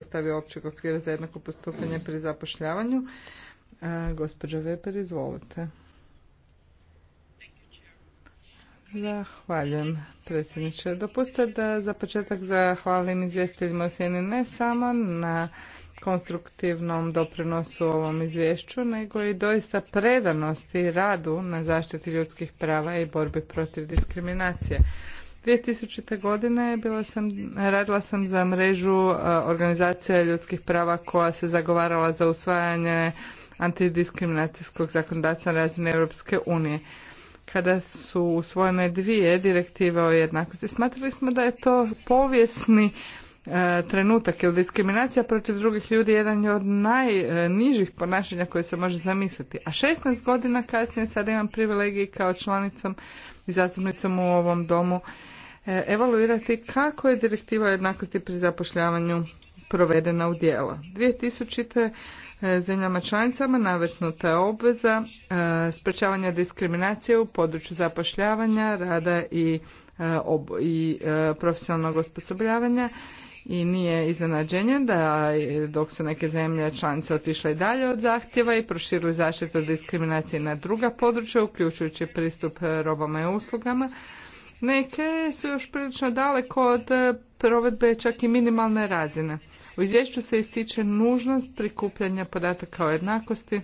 stavio općeg okvira za jednako postupanje pri zapošljavanju. E, gospođa izvolite. Zahvaljujem, predsjedniče. Dopustite da za početak zahvalim izvjestiteljima u ne samo na konstruktivnom doprinosu ovom izvješću, nego i doista predanosti i radu na zaštiti ljudskih prava i borbi protiv diskriminacije. 2000. godine bila sam, radila sam za mrežu e, organizacija ljudskih prava koja se zagovarala za usvajanje antidiskriminacijskog zakonodavstva na razine Europske unije. Kada su usvojene dvije direktive o jednakosti, smatrali smo da je to povijesni e, trenutak, jer diskriminacija protiv drugih ljudi jedan je od najnižih ponašanja koje se može zamisliti. A 16 godina kasnije sada imam privilegiju kao članicom i zastupnicom u ovom domu E, evaluirati kako je direktiva jednakosti pri zapošljavanju provedena u djelo. 2000. E, zemljama članicama navetnuta je obveza e, sprečavanja diskriminacije u području zapošljavanja, rada i, i profesionalnog osposobljavanja i nije iznenađenje da dok su neke zemlje članice otišle dalje od zahtjeva i proširili zaštitu od diskriminacije na druga područja, uključujući pristup robama i uslugama, Neke su još prilično daleko od e, provedbe čak i minimalne razine. U izvješću se ističe nužnost prikupljanja podataka o jednakosti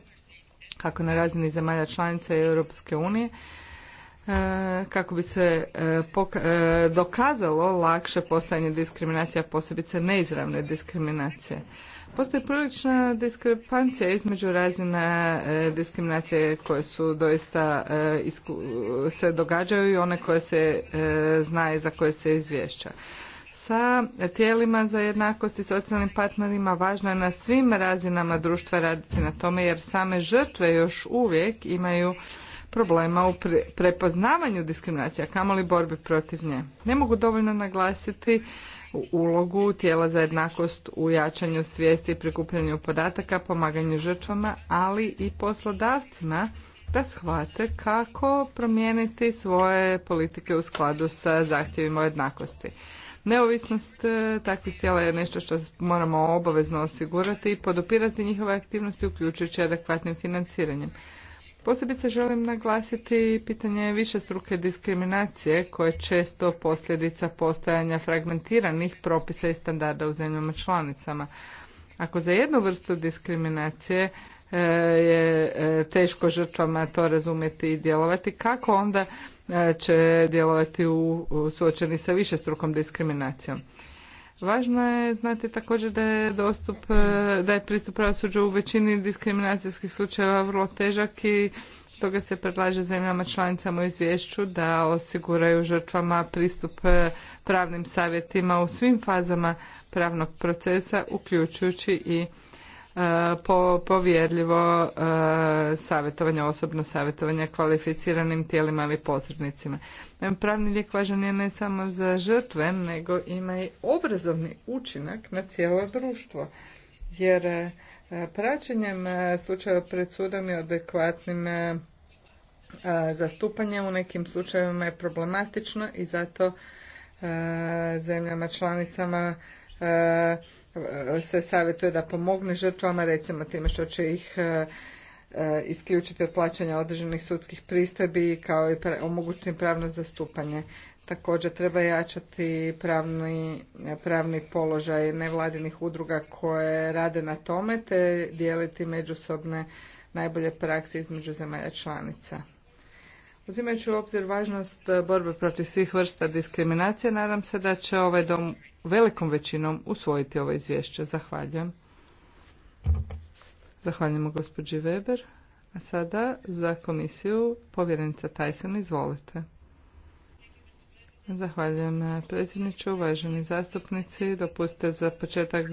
kako na razini zemalja članica Europske unije e, kako bi se e, dokazalo lakše postajanje diskriminacija, posebice neizravne diskriminacije. Postoji prilična diskrepancija između razina e, diskriminacije koje su doista e, se događaju i one koje se e, zna za koje se izvješća. Sa tijelima za jednakost i socijalnim partnerima važno je na svim razinama društva raditi na tome jer same žrtve još uvijek imaju problema u prepoznavanju diskriminacija, kamoli borbi protiv nje. Ne mogu dovoljno naglasiti ulogu tijela za jednakost u jačanju svijesti i prikupljanju podataka, pomaganju žrtvama, ali i poslodavcima da shvate kako promijeniti svoje politike u skladu sa zahtjevima jednakosti. Neovisnost e, takvih tijela je nešto što moramo obavezno osigurati i podupirati njihove aktivnosti uključujući adekvatnim financiranjem. Posebice želim naglasiti pitanje višestruke diskriminacije koje je često posljedica postojanja fragmentiranih propisa i standarda u zemljama članicama. Ako za jednu vrstu diskriminacije e, je e, teško žrtvama to razumjeti i djelovati, kako onda e, će djelovati u, u suočeni sa višestrukom diskriminacijom? Važno je znati također da je dostup, e, da je pristup pravosuđu u većini diskriminacijskih slučajeva vrlo težak i toga se predlaže zemljama članicama u izvješću da osiguraju žrtvama pristup e, pravnim savjetima u svim fazama pravnog procesa, uključujući i e, povjerljivo savjetovanja, osobno savjetovanja kvalificiranim tijelima ili posrednicima. Pravni lijek važan je ne samo za žrtve, nego ima i obrazovni učinak na cijelo društvo. Jer e, praćenjem e, slučaja pred sudom i adekvatnim e, zastupanjem u nekim slučajevima je problematično i zato zemljama članicama se savjetuje da pomogne žrtvama recimo time što će ih E, isključiti od plaćanja određenih sudskih pristojbi kao i omogućiti pravno zastupanje. Također treba jačati pravni, pravni položaj nevladinih udruga koje rade na tome te dijeliti međusobne najbolje prakse između zemalja članica. Uzimajući u obzir važnost borbe protiv svih vrsta diskriminacije, nadam se da će ovaj dom velikom većinom usvojiti ovo izvješće. Zahvaljujem. Zahvaljujemo gospođi Weber. A sada za komisiju povjerenica Tyson, izvolite. Zahvaljujem predsjedniče, uvaženi zastupnici. Dopustite za početak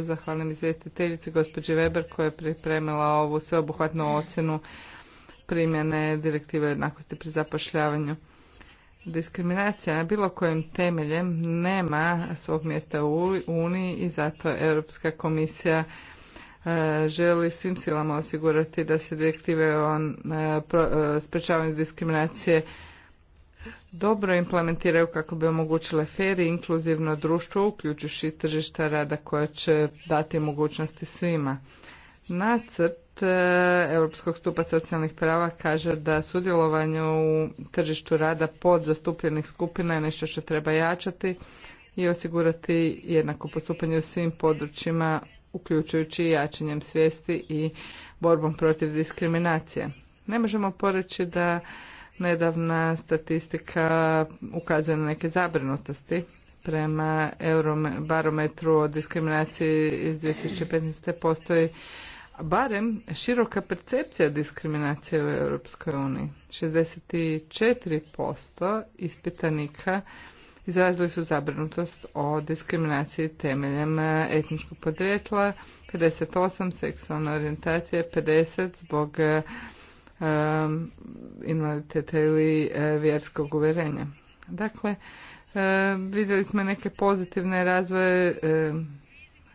zahvalim izvjestiteljici gospođi Weber koja je pripremila ovu sveobuhvatnu ocjenu primjene direktive jednakosti pri zapošljavanju. Diskriminacija na bilo kojim temeljem nema svog mjesta u Uniji i zato Europska komisija E, želi svim silama osigurati da se direktive o e, e, sprečavanju diskriminacije dobro implementiraju kako bi omogućile fer i inkluzivno društvo uključujući tržišta rada koja će dati mogućnosti svima. Nacrt Europskog stupa socijalnih prava kaže da sudjelovanje u tržištu rada pod zastupljenih skupina je nešto što treba jačati i osigurati jednako postupanje u svim područjima uključujući i jačanjem svijesti i borbom protiv diskriminacije. Ne možemo poreći da nedavna statistika ukazuje na neke zabrinutosti prema barometru o diskriminaciji iz 2015. postoji barem široka percepcija diskriminacije u Europskoj uniji. 64% ispitanika izrazili su zabrinutost o diskriminaciji temeljem e, etničkog podrijetla, 58 seksualna orijentacija, 50 zbog e, e, invaliditeta ili vjerskog uvjerenja. Dakle, vidjeli smo neke pozitivne razvoje.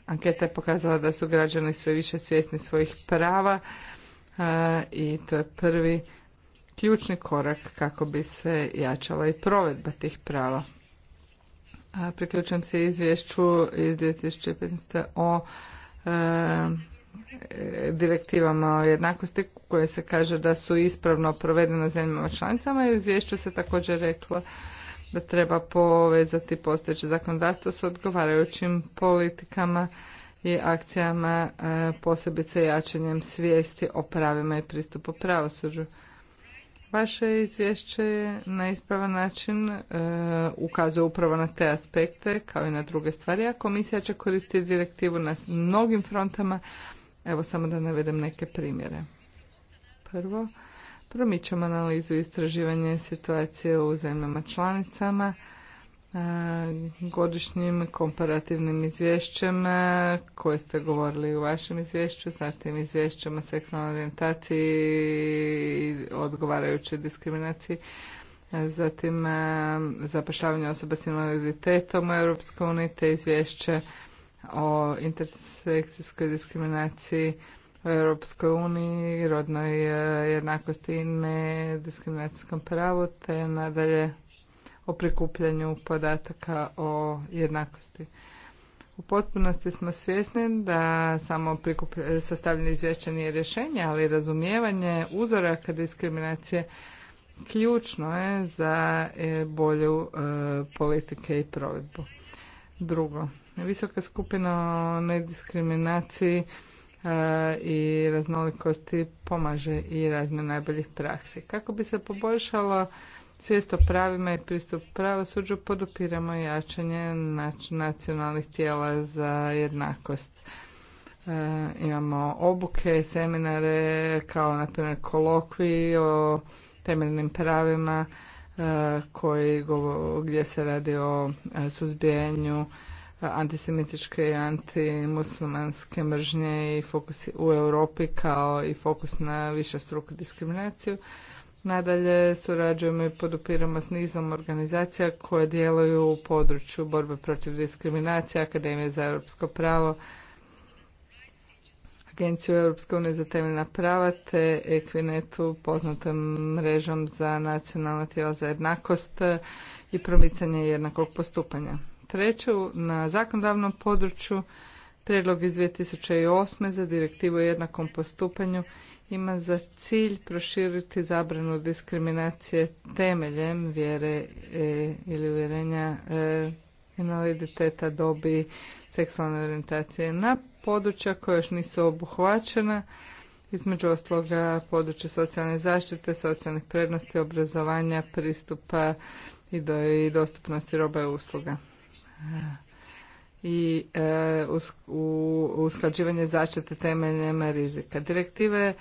anketa je pokazala da su građani sve više svjesni svojih prava i to je prvi ključni korak kako bi se jačala i provedba tih prava. Priključujem se izvješću iz 2015. o e, direktivama o jednakosti koje se kaže da su ispravno provedene zemljama članicama i u izvješću se također reklo da treba povezati postojeće zakonodavstvo s odgovarajućim politikama i akcijama, e, posebice jačanjem svijesti o pravima i pristupu pravosuđu. Vaše izvješće na ispravan način e, ukazuje upravo na te aspekte kao i na druge stvari, a komisija će koristiti direktivu na mnogim frontama. Evo samo da navedem neke primjere. Prvo, promičemo analizu istraživanja situacije u zemljama članicama, godišnjim komparativnim izvješćem e, koje ste govorili u vašem izvješću, zatim izvješćem o seksualnoj orijentaciji i odgovarajućoj diskriminaciji, e, zatim e, zapošljavanje osoba s invaliditetom u EU te izvješće o intersekcijskoj diskriminaciji u Europskoj uniji, rodnoj jednakosti i nediskriminacijskom pravu, te nadalje o prikupljanju podataka o jednakosti. U potpunosti smo svjesni da samo sastavljanje izvješća nije rješenje, ali razumijevanje uzoraka diskriminacije ključno je za e, bolju e, politike i provedbu. Drugo, visoka skupina o nediskriminaciji e, i raznolikosti pomaže i razmjer najboljih praksi. Kako bi se poboljšalo Svijest o pravima i pristup pravosuđu podupiramo jačanje nacionalnih tijela za jednakost. E, imamo obuke, seminare, kao na primjer kolokvi o temeljnim pravima e, koji gdje se radi o e, suzbijanju antisemitičke i antimuslimanske mržnje i fokus u Europi kao i fokus na višestruku diskriminaciju. Nadalje surađujemo i podupiramo s nizom organizacija koje djeluju u području borbe protiv diskriminacije, Akademije za europsko pravo, Agenciju Europske unije za temeljna prava te Equinetu poznatom mrežom za nacionalna tijela za jednakost i promicanje jednakog postupanja. Treću, na zakonodavnom području prijedlog iz 2008. za direktivu o jednakom postupanju ima za cilj proširiti zabranu diskriminacije temeljem vjere e, ili uvjerenja e, invaliditeta, dobi, seksualne orijentacije na područja koja još nisu obuhvaćena, između ostaloga, područje socijalne zaštite, socijalnih prednosti, obrazovanja, pristupa i, do, i dostupnosti roba i usluga i e, u, usklađivanje zaštite temeljem rizika. Direktive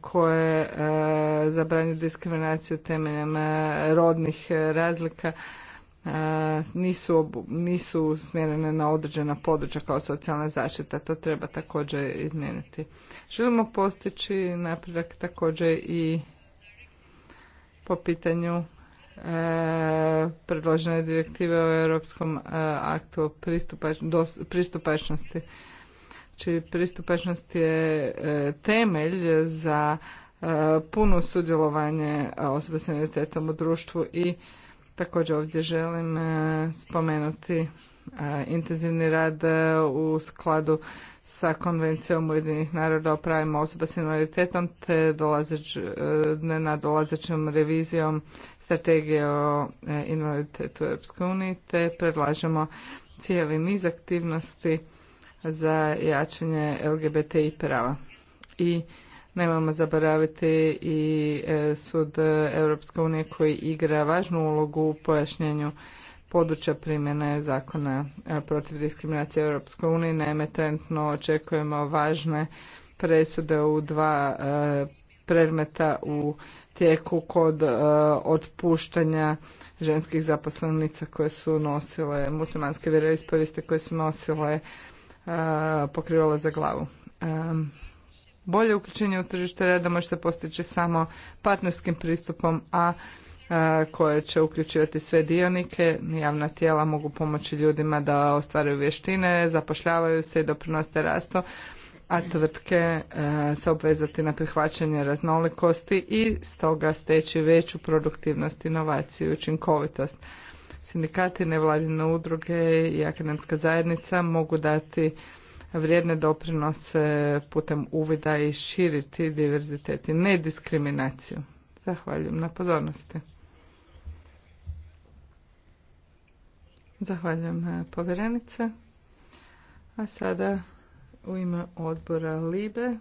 koje zabranju diskriminaciju temeljem rodnih razlika nisu, nisu usmjerene na određena područja kao socijalna zaštita. To treba također izmijeniti. Želimo postići napredak također i po pitanju predložene direktive o europskom aktu pristupačnosti Znači pristupačnost je e, temelj za e, puno sudjelovanje e, osoba s invaliditetom u društvu i također ovdje želim spomenuti intenzivni rad u skladu sa konvencijom Ujedinih naroda o pravima osoba s invaliditetom te dolazeć, nadolazećom revizijom strategije o invaliditetu u EU te predlažemo cijeli niz aktivnosti za jačanje LGBTI prava. I nemojmo zaboraviti i e, sud Europske unije koji igra važnu ulogu u pojašnjenju područja primjene zakona e, protiv diskriminacije Europske unije. Naime, trenutno očekujemo važne presude u dva e, predmeta u tijeku kod otpuštanja ženskih zaposlenica koje su nosile muslimanske vjeroispovijeste koje su nosile pokrivalo za glavu. Bolje uključenje u tržište rada može se postići samo partnerskim pristupom, a koje će uključivati sve dionike. Javna tijela mogu pomoći ljudima da ostvaraju vještine, zapošljavaju se i doprinose rastu, a tvrtke se obvezati na prihvaćanje raznolikosti i stoga steći veću produktivnost, inovaciju i učinkovitost. Sindikati, nevladine udruge i akademska zajednica mogu dati vrijedne doprinose putem uvida i širiti diverzitet i nediskriminaciju. Zahvaljujem na pozornosti. Zahvaljujem eh, povjerenice. A sada u ime odbora Libe,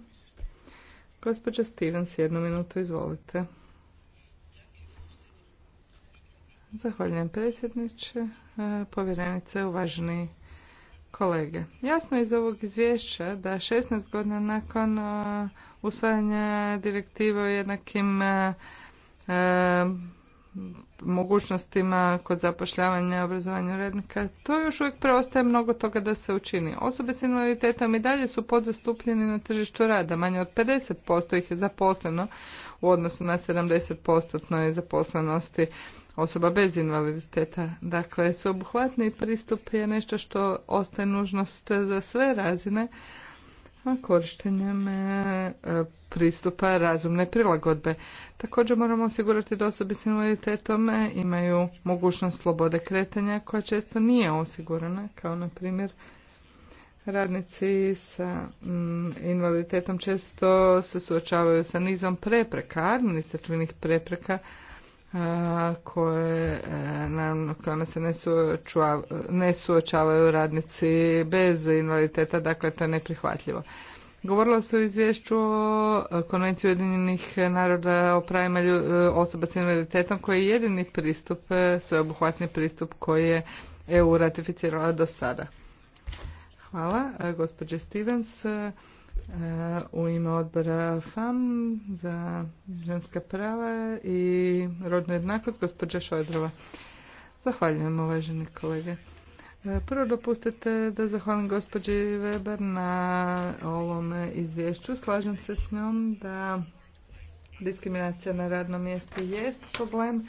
gospođa Stevens, jednu minutu, izvolite. Zahvaljujem predsjedniče, e, povjerenice, uvaženi kolege. Jasno iz ovog izvješća da 16 godina nakon e, usvajanja direktive o jednakim e, mogućnostima kod zapošljavanja i obrazovanja radnika, to još uvijek preostaje mnogo toga da se učini. Osobe s invaliditetom i dalje su podzastupljeni na tržištu rada. Manje od 50% ih je zaposleno u odnosu na 70% zaposlenosti osoba bez invaliditeta. Dakle, sveobuhvatni pristup je nešto što ostaje nužnost za sve razine, a korištenjem e, pristupa razumne prilagodbe. Također moramo osigurati da osobe s invaliditetom e, imaju mogućnost slobode kretanja koja često nije osigurana, kao na primjer radnici sa invaliditetom često se suočavaju sa nizom prepreka, administrativnih prepreka, koje, e, naravno, kojima se ne, ne suočavaju radnici bez invaliditeta, dakle to je neprihvatljivo. Govorilo se u izvješću o e, Konvenciji Ujedinjenih naroda o pravima e, osoba s invaliditetom koji je jedini pristup, sveobuhvatni pristup koji je EU ratificirala do sada. Hvala, gospođe Stevens u ime odbora FAM za ženska prava i rodno jednakost, gospođa Šojdrova. Zahvaljujem, uvaženi kolege. E, prvo dopustite da zahvalim gospođi Weber na ovom izvješću. Slažem se s njom da diskriminacija na radnom mjestu jest problem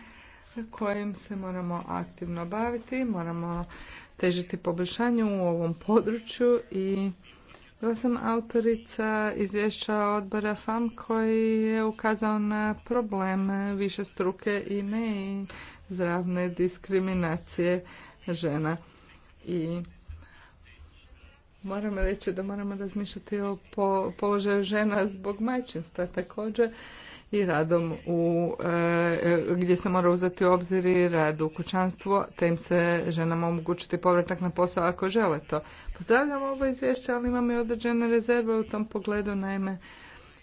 kojim se moramo aktivno baviti, moramo težiti poboljšanju u ovom području i bila sam autorica izvješća odbora FAM koji je ukazao na problem više struke i ne zdravne diskriminacije žena. I moramo reći da moramo razmišljati o položaju žena zbog majčinstva također i radom u, e, gdje se mora uzeti u obzir i rad u kućanstvu, te im se ženama omogućiti povratak na posao ako žele to. Pozdravljam ovo izvješće, ali imam i određene rezerve u tom pogledu, naime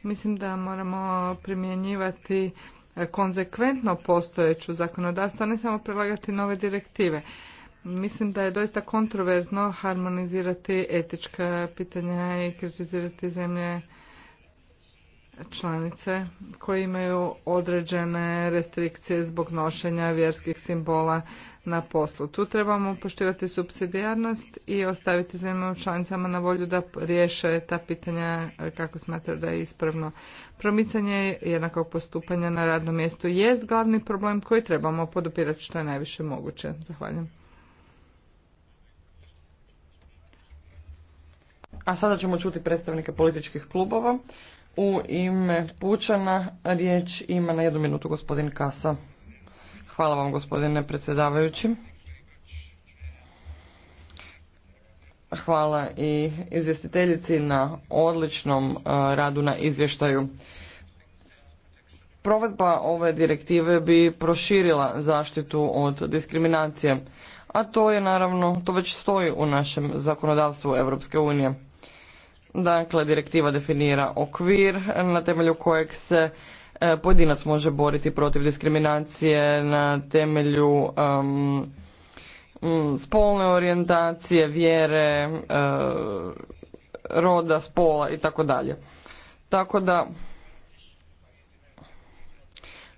mislim da moramo primjenjivati e, konzekventno postojeću zakonodavstvo, a ne samo prelagati nove direktive. Mislim da je doista kontroverzno harmonizirati etička pitanja i kritizirati zemlje članice koje imaju određene restrikcije zbog nošenja vjerskih simbola na poslu. Tu trebamo poštivati subsidijarnost i ostaviti zemljama članicama na volju da riješe ta pitanja e, kako smatraju da je ispravno. Promicanje jednakog postupanja na radnom mjestu jest glavni problem koji trebamo podupirati što je najviše moguće. Zahvaljujem. A sada ćemo čuti predstavnike političkih klubova. U ime Pučana riječ ima na jednu minutu gospodin Kasa. Hvala vam gospodine predsjedavajući. Hvala i izvjestiteljici na odličnom e, radu na izvještaju. Provedba ove direktive bi proširila zaštitu od diskriminacije, a to je naravno, to već stoji u našem zakonodavstvu Europske unije. Dakle, direktiva definira okvir na temelju kojeg se e, pojedinac može boriti protiv diskriminacije na temelju spolne orijentacije, vjere, e, roda, spola i tako dalje. Tako da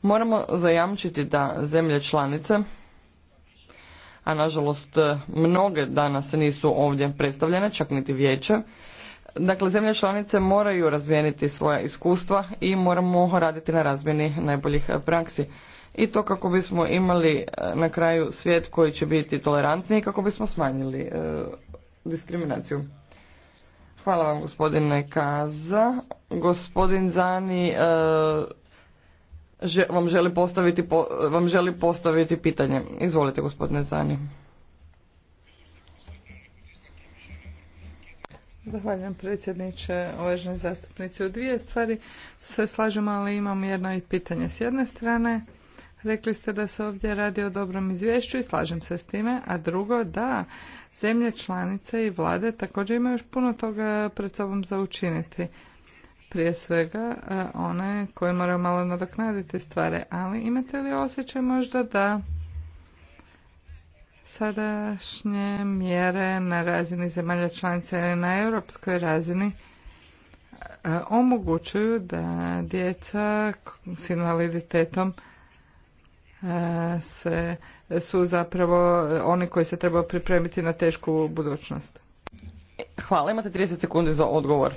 moramo zajamčiti da zemlje članice a nažalost mnoge danas nisu ovdje predstavljene, čak niti vijeće, Dakle, zemlje članice moraju razvijeniti svoja iskustva i moramo raditi na razmjeni najboljih praksi. I to kako bismo imali e, na kraju svijet koji će biti tolerantniji i kako bismo smanjili e, diskriminaciju. Hvala vam gospodine Kaza. Gospodin Zani e, vam, želi postaviti, vam želi postaviti pitanje. Izvolite gospodine Zani. Zahvaljujem predsjedniče, uvaženi zastupnici. U dvije stvari se slažemo, ali imam jedno i pitanje. S jedne strane, rekli ste da se ovdje radi o dobrom izvješću i slažem se s time, a drugo da zemlje članice i vlade također imaju još puno toga pred sobom za učiniti. Prije svega e, one koje moraju malo nadoknaditi stvari, ali imate li osjećaj možda da sadašnje mjere na razini zemalja članica na europskoj razini e, omogućuju da djeca s invaliditetom e, se, su zapravo oni koji se trebaju pripremiti na tešku budućnost. Hvala, imate 30 sekundi za odgovor.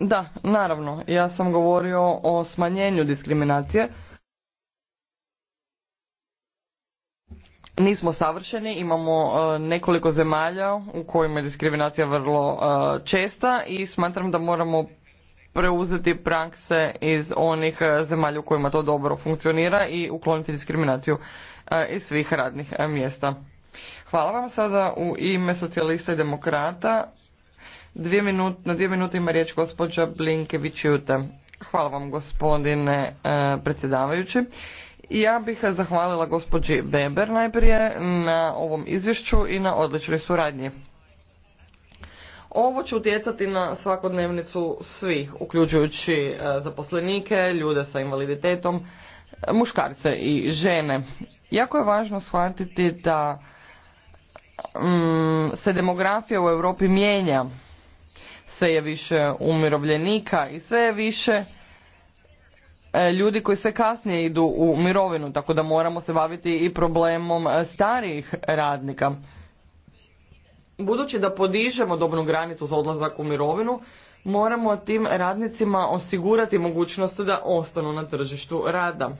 Da, naravno, ja sam govorio o smanjenju diskriminacije Nismo savršeni, imamo e, nekoliko zemalja u kojima je diskriminacija vrlo e, česta i smatram da moramo preuzeti prakse iz onih e, zemalja u kojima to dobro funkcionira i ukloniti diskriminaciju iz svih radnih mjesta. Hvala vam sada u ime socijalista i demokrata. na dvije minute ima riječ gospođa Blinkević-Jute. Hvala vam gospodine predsjedavajući. Ja bih zahvalila gospođi Beber najprije na ovom izvješću i na odličnoj suradnji. Ovo će utjecati na svakodnevnicu svih, uključujući e, zaposlenike, ljude sa invaliditetom, muškarce i žene. Jako je važno shvatiti da mm, se demografija u Europi mijenja. Sve je više umirovljenika i sve je više E, ljudi koji sve kasnije idu u mirovinu, tako da moramo se baviti i problemom e, starijih radnika. Budući da podižemo dobnu granicu za odlazak u mirovinu, moramo tim radnicima osigurati mogućnost da ostanu na tržištu rada.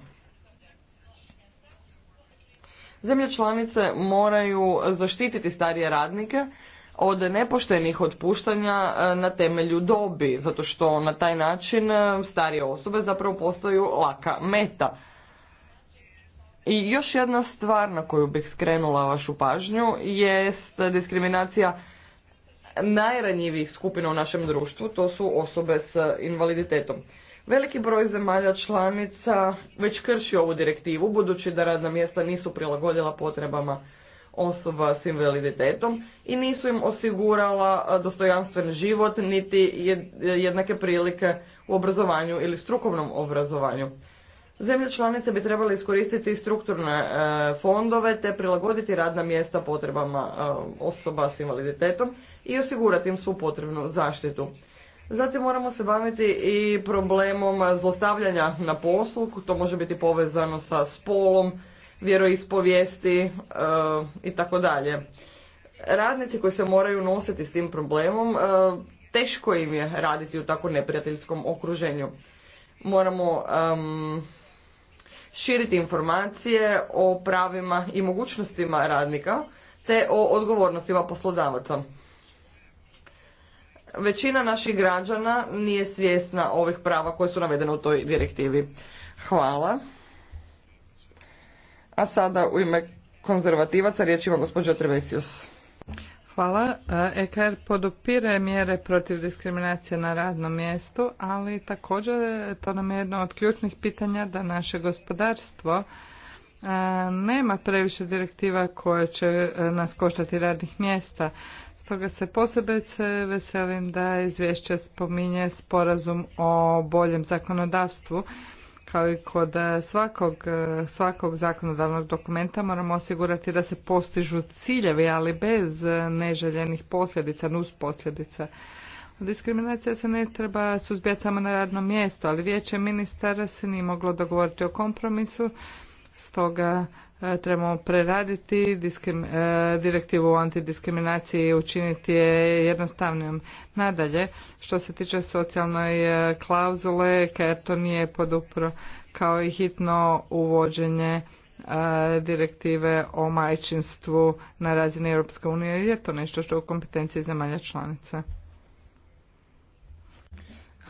Zemlje članice moraju zaštititi starije radnike, od nepoštenih otpuštanja e, na temelju dobi, zato što na taj način e, starije osobe zapravo postaju laka meta. I još jedna stvar na koju bih skrenula vašu pažnju jest diskriminacija najranjivijih skupina u našem društvu, to su osobe s invaliditetom. Veliki broj zemalja članica već krši ovu direktivu, budući da radna mjesta nisu prilagodila potrebama osoba s invaliditetom i nisu im osigurala e, dostojanstven život niti jednake prilike u obrazovanju ili strukovnom obrazovanju. Zemlje članice bi trebali iskoristiti strukturne e, fondove te prilagoditi radna mjesta potrebama e, osoba s invaliditetom i osigurati im svu potrebnu zaštitu. Zatim moramo se baviti i problemom zlostavljanja na poslu, to može biti povezano sa spolom, vjeroispovijesti e, i tako dalje. Radnici koji se moraju nositi s tim problemom, e, teško im je raditi u tako neprijateljskom okruženju. Moramo širiti informacije o pravima i mogućnostima radnika te o odgovornostima poslodavaca. Većina naših građana nije svjesna ovih prava koje su navedene u toj direktivi. Hvala. A sada u ime konzervativaca riječ ima gospođa Trevesius. Hvala. E, EKR podupire mjere protiv diskriminacije na radnom mjestu, ali također to nam je jedno od ključnih pitanja da naše gospodarstvo e, nema previše direktiva koje će e, nas koštati radnih mjesta. Stoga se posebice veselim da izvješće spominje sporazum o boljem zakonodavstvu kao i kod e, svakog, e, svakog zakonodavnog dokumenta moramo osigurati da se postižu ciljevi, ali bez e, neželjenih posljedica, nus posljedica. Diskriminacija se ne treba suzbijati samo na radnom mjesto, ali vijeće ministara se nije moglo dogovoriti o kompromisu, stoga E, trebamo preraditi e, direktivu o antidiskriminaciji i učiniti je jednostavnijom. Nadalje, što se tiče socijalnoj e, klauzule, jer to nije podupro kao i hitno uvođenje direktive o majčinstvu na razini Europske unije. Je to nešto što je u kompetenciji zemalja članica.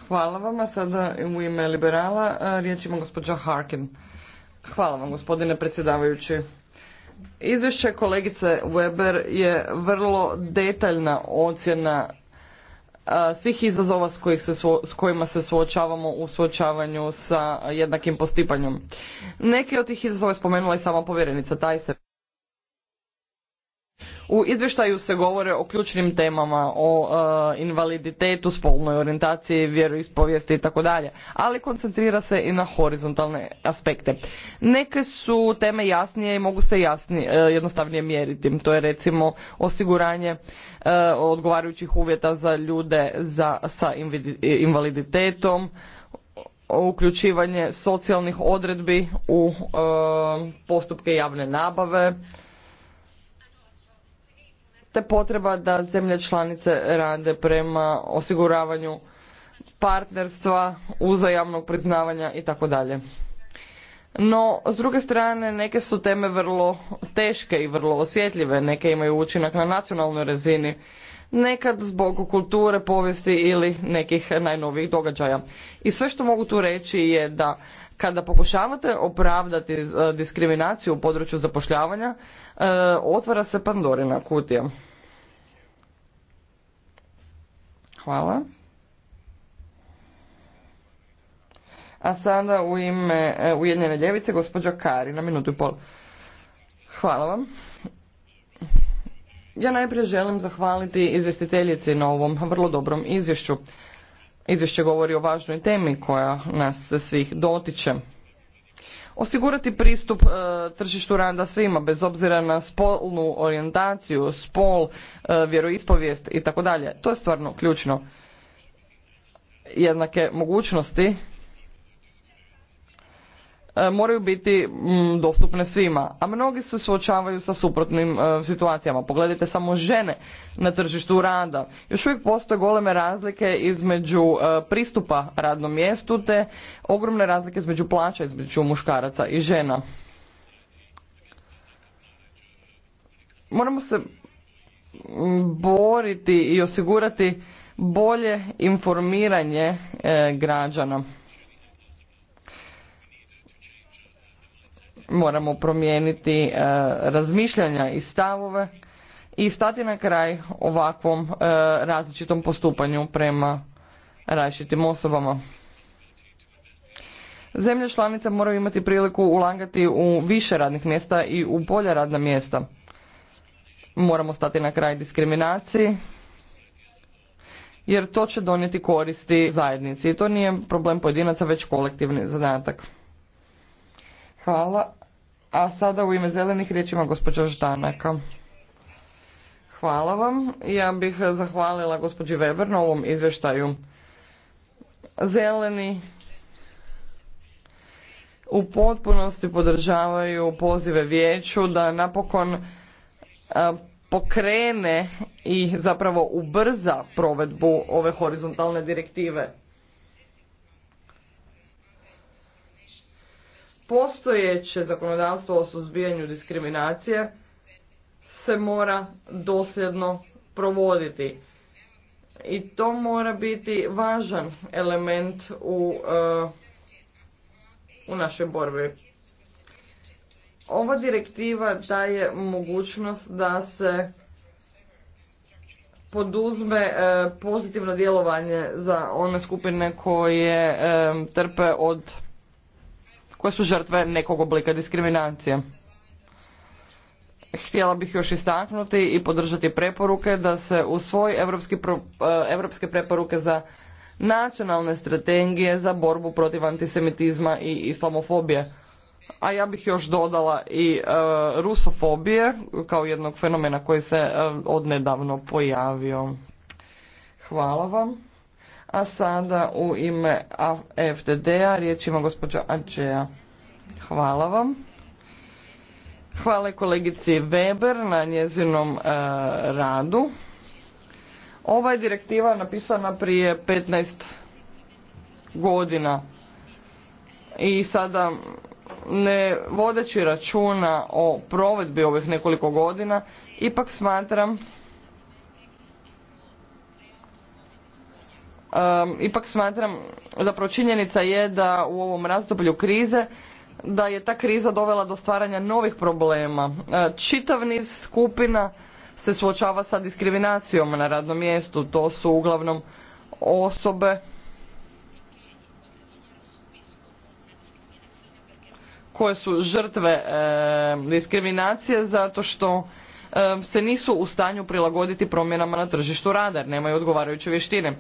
Hvala vama. Sada u ime liberala riječ ima gospođa Harkin. Hvala vam gospodine predsjedavajući. Izvješće kolegice Weber je vrlo detaljna ocjena svih izazova s, kojima se suočavamo u suočavanju sa jednakim postipanjem. Neki od tih izazova je spomenula i sama povjerenica se... U izvještaju se govore o ključnim temama, o e, invaliditetu, spolnoj orijentaciji, vjeroispovijesti i tako dalje, ali koncentrira se i na horizontalne aspekte. Neke su teme jasnije i mogu se jasnije, jednostavnije mjeriti. To je recimo osiguranje e, odgovarajućih uvjeta za ljude za, sa invaliditetom, uključivanje socijalnih odredbi u e, postupke javne nabave, te potreba da zemlje članice rade prema osiguravanju partnerstva, uzajamnog priznavanja i tako dalje. No, s druge strane, neke su teme vrlo teške i vrlo osjetljive, neke imaju učinak na nacionalnoj razini, nekad zbog kulture, povijesti ili nekih najnovijih događaja. I sve što mogu tu reći je da kada pokušavate opravdati e, diskriminaciju u području zapošljavanja, e, otvara se Pandorina kutija. Hvala. A sada u ime e, Ujedinjene ljevice gospođa Kari na minutu i pol. Hvala vam. Ja najprije želim zahvaliti izvjestiteljici na ovom vrlo dobrom izvješću. Izvješće govori o važnoj temi koja nas svih dotiče osigurati pristup e, tržištu rada svima bez obzira na spolnu orijentaciju, spol, e, vjeroispovijest i tako dalje. To je stvarno ključno. Jednake mogućnosti E, moraju biti mm, dostupne svima, a mnogi se suočavaju sa suprotnim e, situacijama. Pogledajte samo žene na tržištu rada. Još uvijek postoje goleme razlike između e, pristupa radnom mjestu te ogromne razlike između plaća između muškaraca i žena. Moramo se mm, boriti i osigurati bolje informiranje građana moramo promijeniti e, razmišljanja i stavove i stati na kraj ovakvom e, različitom postupanju prema različitim osobama. Zemlje članice moraju imati priliku ulagati u više radnih mjesta i u bolja radna mjesta. Moramo stati na kraj diskriminaciji jer to će donijeti koristi zajednici i to nije problem pojedinaca već kolektivni zadatak. Hvala. A sada u ime zelenih riječima gospođa Ždanaka. Hvala vam. Ja bih zahvalila gospođi Weber na ovom izvještaju. Zeleni u potpunosti podržavaju pozive vijeću da napokon pokrene i zapravo ubrza provedbu ove horizontalne direktive. postojeće zakonodavstvo o suzbijanju diskriminacije se mora dosljedno provoditi. I to mora biti važan element u, eh, u našoj borbi. Ova direktiva daje mogućnost da se poduzme eh, pozitivno djelovanje za one skupine koje eh, trpe od koje su žrtve nekog oblika diskriminacije. Htjela bih još istaknuti i podržati preporuke da se u svoj europske e, preporuke za nacionalne strategije za borbu protiv antisemitizma i islamofobije. A ja bih još dodala i e, rusofobije kao jednog fenomena koji se e, odnedavno pojavio. Hvala vam. A sada u ime FDD-a riječ ima gospođa Ađeja. Hvala vam. Hvala kolegici Weber na njezinom e, radu. Ova je direktiva napisana prije 15 godina i sada ne vodeći računa o provedbi ovih nekoliko godina ipak smatram ipak smatram, zapravo činjenica je da u ovom razdoblju krize da je ta kriza dovela do stvaranja novih problema. E, čitav niz skupina se suočava sa diskriminacijom na radnom mjestu. To su uglavnom osobe koje su žrtve e, diskriminacije zato što e, se nisu u stanju prilagoditi promjenama na tržištu rada jer nemaju odgovarajuće vještine.